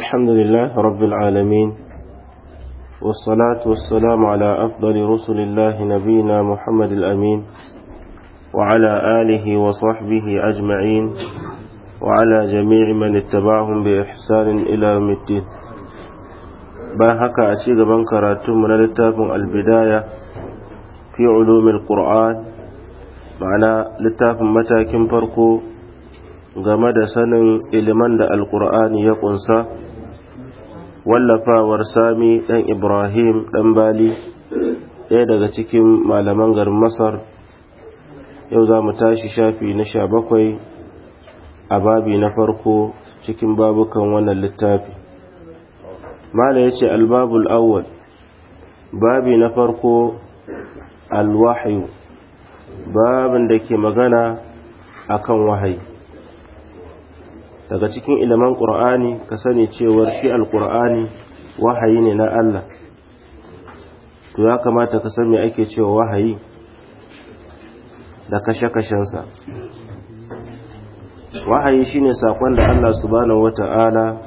الحمد لله رب العالمين والصلاة والسلام على أفضل رسل الله نبينا محمد الأمين وعلى آله وصحبه أجمعين وعلى جميع من اتبعهم بإحسان إلى مدين الدين باهك أشيد من كراتم من البداية في علوم القرآن معنا لتاب متى كم game da sanin iliman da alkur'ani ya kunsa wallafawar sami ɗan ibrahim ɗan bali ɗaya daga cikin malaman garin masar yau za mu tashi shafi na sha bakwai a babi na farko cikin babukan wannan littafi mala ya ce albabul awwal babi na farko alwahayu babin da ke magana akan wahayi daga cikin ilimin ƙur'ani ka sani cewar shi alƙur'ani wahayi ne na Allah to ya kamata ka san me ake cewa wahayi da kashe-kashensa wahayi shine sakon da Allah subhanahu wata'ala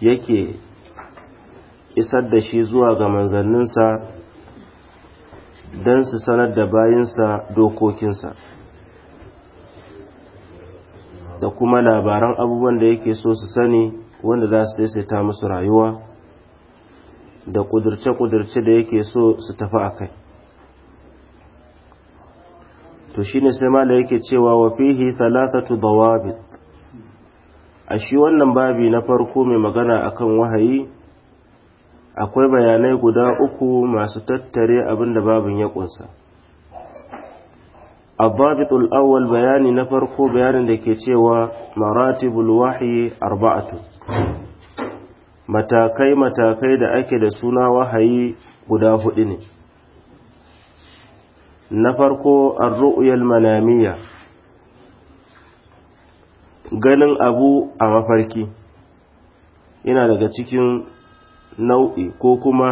yake isar da shi zuwa ga manzanninsa don su sanar da bayinsa dokokinsa da kuma labaran abubuwan da yake so su sani wanda za su saisaita musu rayuwa da kudurce-kudurce da yake so su tafi a kai to shi ne sai mala yake cewa Wafihi, fihi thalathatu dawabit a shi wannan babi na farko mai magana akan wahayi akwai bayanai guda uku masu tattare abin da babin ya ƙunsa. الضابط الأول بياني نفرق بيان cewa مراتب الوحي Arba'atu. matakai matakai da ake da suna wahayi guda huɗu ne na farko a ruyal manamiya ganin abu a mafarki yana daga cikin nau'i ko kuma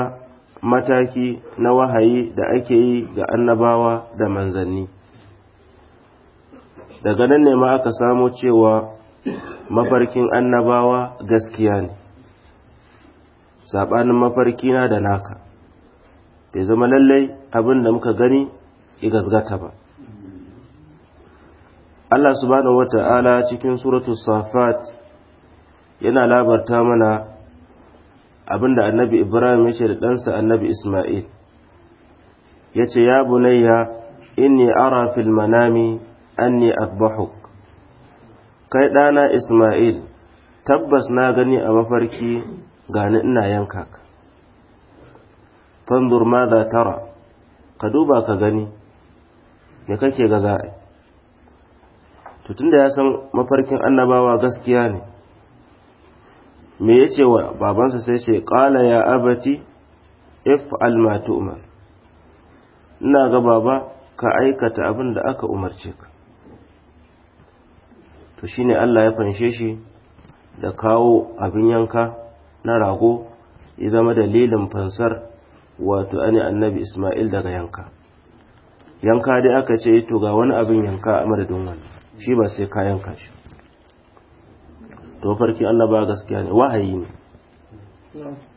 mataki na wahayi da ake yi ga annabawa da manzanni daga nan ne ma aka samo cewa mafarkin annabawa gaskiya ne saɓanin na da naka bai zama lallai abin da muka gani ya gasgata ba Allah subhanahu ta'ala cikin suratul safat yana labarta mana abin da annabi ibrahim ya ce da ɗansa annabi isma'il ya ce ya bunayya inni ara fil manami anni asbahuk kai ɗana Ismail tabbas na gani a mafarki gani ina yanka ka fanzur ma za tara ka duba ka gani me kake ga za'a to tunda ya san mafarkin annabawa gaskiya ne me yace wa babansa sai ce qala ya abati if'al ma tu'mar ina ga baba ka aikata abin da aka umarce ka to shi shine Allah ya fanshe shi da kawo abin yanka na rago ya zama dalilin fansar wato ani annabi Ismail daga yanka yanka dai aka ce to ga wani abin yanka a madadin wani shi ba sai ka yanka shi to farki Allah ba gaskiya ne wahayi ne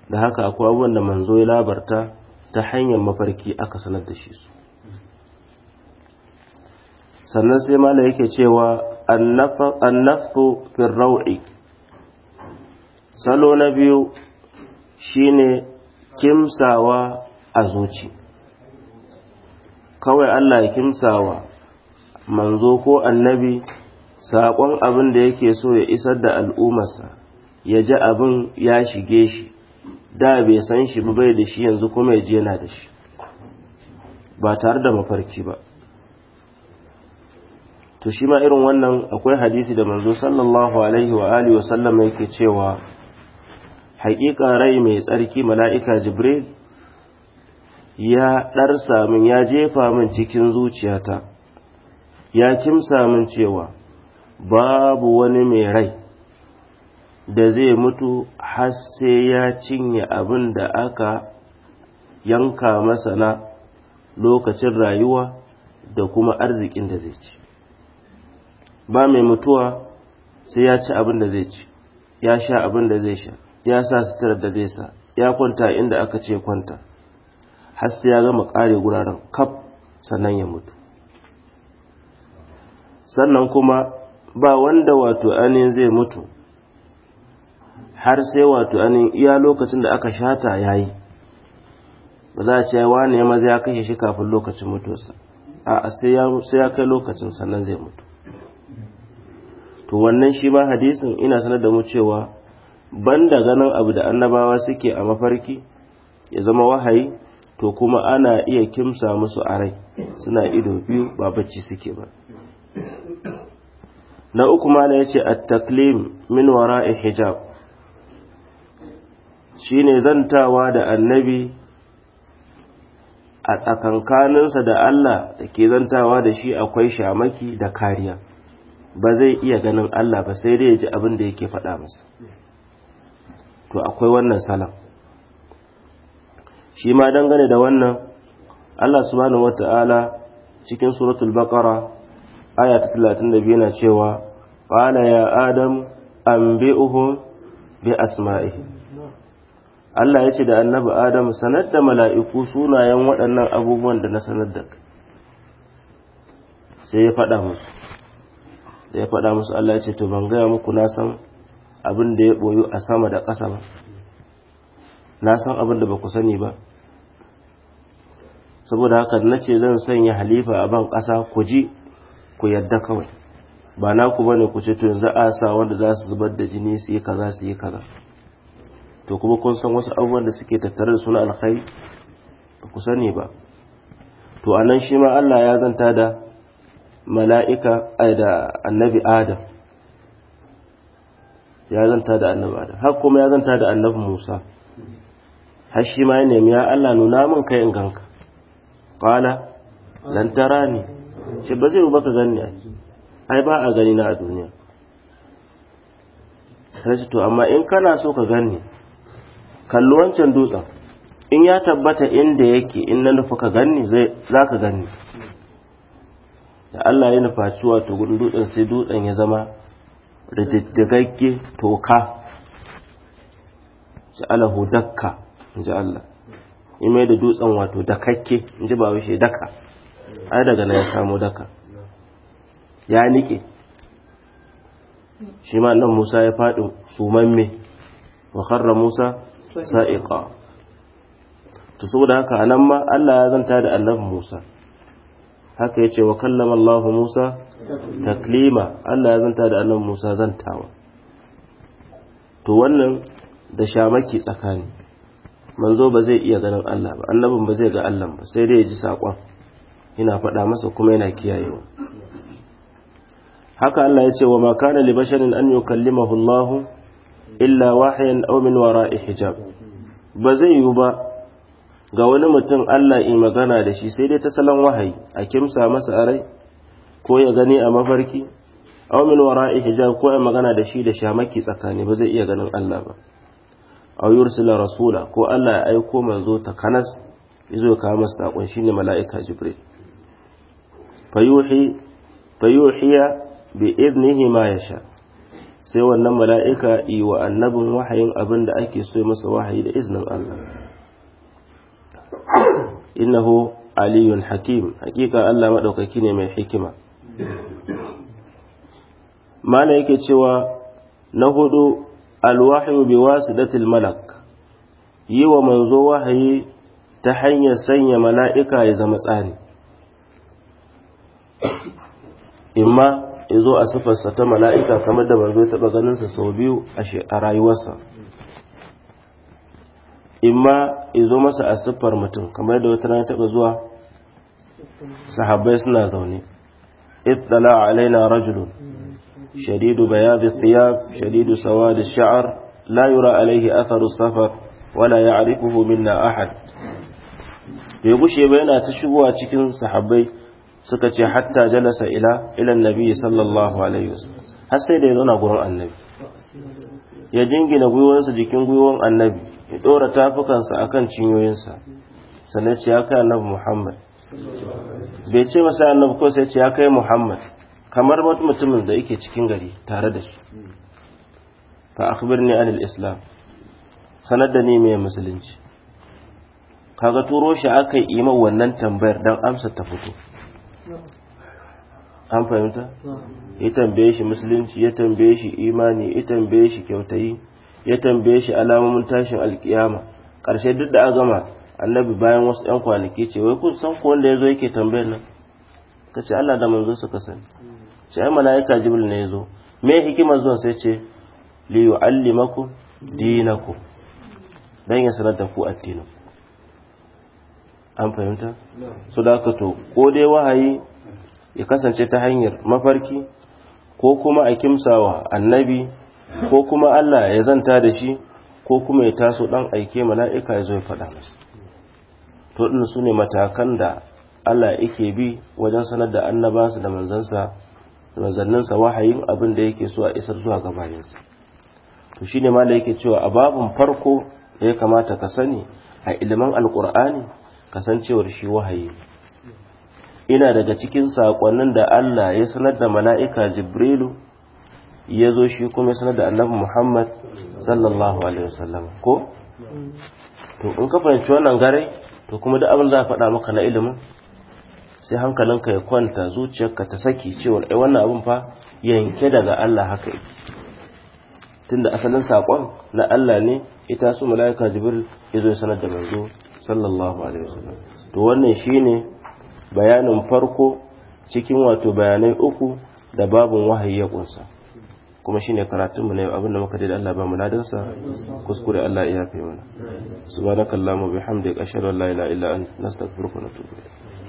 da haka akwai abubuwan da manzo ya labarta ta hanyar mafarki aka sanar da shi su sannan sai mala yake cewa annafku fi salo na biyu shine kimsawa a kawai Allah ya kimsawa manzo ko annabi saƙon abin da yake so ya isar da al'ummarsa ya ji abin ya shige shi da bai san shi bai da shi yanzu kuma ya ji yana da shi ba tare da mafarki ba to shi ma irin wannan akwai hadisi da manzo sallallahu alaihi wa alihi wa sallam yake cewa haƙiƙa rai mai tsarki mala'ika jibril ya ɗarsa min ya jefa min cikin zuciyata ya kimsa min cewa babu wani mai rai da zai mutu har sai ya cinye abin da aka yanka masa na lokacin rayuwa da kuma arzikin da zai ci ba mai mutuwa sai ya ci abin da zai ci ya sha abin da zai sha ya sa sutura da zai sa ya kwanta inda aka ce kwanta har sai ya gama kare guraren kaf sannan ya mutu sannan kuma ba wanda wato anin zai mutu har sai wato anin iya lokacin da aka shata yayi ba za a ce wani ya maza ya kashe shi kafin lokacin mutuwarsa a sai ya kai lokacin sannan zai mutu to wannan shi ma hadisin ina sanar da mu cewa banda ganin abu da annabawa suke a mafarki ya zama wahayi to kuma ana iya kimsa musu a rai suna ido biyu ba bacci suke ba na uku mala ya ce at-taklim min wara'i hijab shine zantawa da annabi a tsakankaninsa da Allah da ke zantawa da shi akwai shamaki da kariya ba zai iya ganin Allah ba sai dai ya ji abin da yake faɗa masa to akwai wannan salam shi ma dangane da wannan Allah subhanahu wata'ala cikin suratul baqara aya ta 32 yana cewa qala ya adam anbi'uhum bi asma'ihi Allah ya ce da annabi Adamu sanar da mala'iku sunayen waɗannan abubuwan da na sanar da sai ya faɗa musu da ya faɗa musu Allah ya ce to ban gaya muku na san abin da ya boyu a sama da ƙasa ba na san abin da ba ku sani ba saboda haka na ce zan sanya halifa a ban ƙasa ku ji ku yadda kawai ba na ku bane ku ce to yanzu a sa wanda za su zubar da jini su yi kaza su yi kaza to kuma kun san wasu abubuwan da suke tattare da suna alkhairi ba ku sani ba to anan shi ma Allah ya zanta da mala'ika da annabi adam ya zanta da annabi adam har kuma ya zanta da annabi musa har shi ma ya nemi ya allah nuna min kai in ganka qala lantara ne, ce ba zai baka gani ai ba a gani na a duniya sai to amma in kana so ka gani kalli wancan dutsen in ya tabbata inda yake in na nufa ka ganni za ka ganni da Allah ya nufaci wato gudun dutsen sai dutsen ya zama rididdigagge toka ja'alahu dakka in ji Allah in mai da dutsen wato dakakke in ji bawa shi daka ai daga nan ya samu daka ya nike shi ma nan Musa ya faɗi sumamme wa kharra Musa sa'iqa to saboda haka anan ma Allah ya zanta da annabi Musa haka ya ce wa kallama Allahu Musa taklima Allah ya zanta da annabi Musa zantawa to wannan da shamaki tsakani manzo ba zai iya ganin Allah ba annabin ba zai ga Allah ba sai dai ya ji saƙon yana faɗa masa kuma yana kiyayewa haka Allah ya ce wa makana li basharin an yukallimahu Allah illa wahyan aw min wara'i hijab ba zai yiwu ba ga wani mutum Allah yi magana da shi sai dai ta salon wahayi a kimsa masa a rai ko ya gani a mafarki aw min wara'i hijab ko ya magana da shi da shamaki tsakani ba zai iya ganin Allah ba aw yursila rasula ko Allah ya aiko manzo ta kanas yazo ka masa sakon shine mala'ika jibril fayuhi fayuhiya bi idnihi ma yasha sai wannan mala'ika yi wa annabin wahayin abin da ake so masa wahayi da iznin Allah innahu aliyun hakim haƙiƙa Allah maɗaukaki ne mai hikima mana yake cewa na hudu alwahyu bi wasidatil malak yi wa manzo wahayi ta hanyar sanya mala'ika ya zama tsari imma ya zo a sifarsa ta mala'ika kamar da manzo ya taɓa ganin sa sau biyu a rayuwarsa imma izo masa a siffar mutum kamar da wata rana taɓa zuwa sahabbai suna zaune ittala alaina rajulun shadidu bayadi thiyab shadidu sawadi sha'ar la yura alayhi atharu safar wala ya'rifuhu minna ahad bai gushe ba yana ta shigowa cikin sahabbai suka ce hatta jalasa ila ila nabi sallallahu alaihi wasallam har sai da ya zauna gurin annabi ya jingina gwiwarsa jikin gwiwar annabi ya dora tafukansa a kan cinyoyinsa sannan ce ya kai annabi muhammad bai ce masa annabi ko sai ce ya kai muhammad kamar wata mutumin da yake cikin gari tare da shi fa akhbirni anil islam sanar da ni mai musulunci kaga turo shi aka yi iman wannan tambayar don amsa ta fito an fahimta ya tambaye shi musulunci ya tambaye shi imani ya tambaye shi kyautayi ya tambaye shi alamomin tashin alkiyama ƙarshe duk da a gama annabi bayan wasu 'yan kwanaki ce wai kun san ko wanda ya zo yake tambayar nan ka ce Allah da manzo suka sani ce ai mala'ika jibril ne ya zo me hikimar zuwan sai ce li yu'allimakum dinakum dan ya sanar da ku addinin an fahimta su da ka to ko dai wahayi ya kasance ta hanyar mafarki ko kuma a kimsawa annabi ko kuma Allah ya zanta da shi ko kuma ya taso dan aike mala'ika ya zo ya faɗa masa to din su matakan da Allah yake bi wajen sanar da annabansa da manzansa da manzanninsa wahayin abin da yake so a isar zuwa ga bayansa to shine ma da yake cewa a babun farko da ya kamata ka sani a ilimin alkur'ani kasancewar shi wahayi ina daga cikin saƙonnin da Allah ya sanar da mala'ika jibrilu ya zo shi kuma ya sanar da annabi muhammad sallallahu alaihi wasallam ko to in ka fahimci wannan gare to kuma da abin za a faɗa maka na ilimin sai hankalinka ya kwanta zuciyarka ta saki cewa ai wannan abin fa yanke daga Allah haka tunda asalin sakon na Allah ne ita su malaika jibril ya zo sanar da manzo sallallahu alaihi wasallam to wannan shine bayanin farko cikin wato bayanai uku da babun wahayi ya kunsa kuma shine karatun mu ne abinda muka da Allah ba mu kuskure Allah ya yafe mana subhanakallahumma bihamdika ashhadu an la ilaha ila an nastaghfiruka wa na ilayk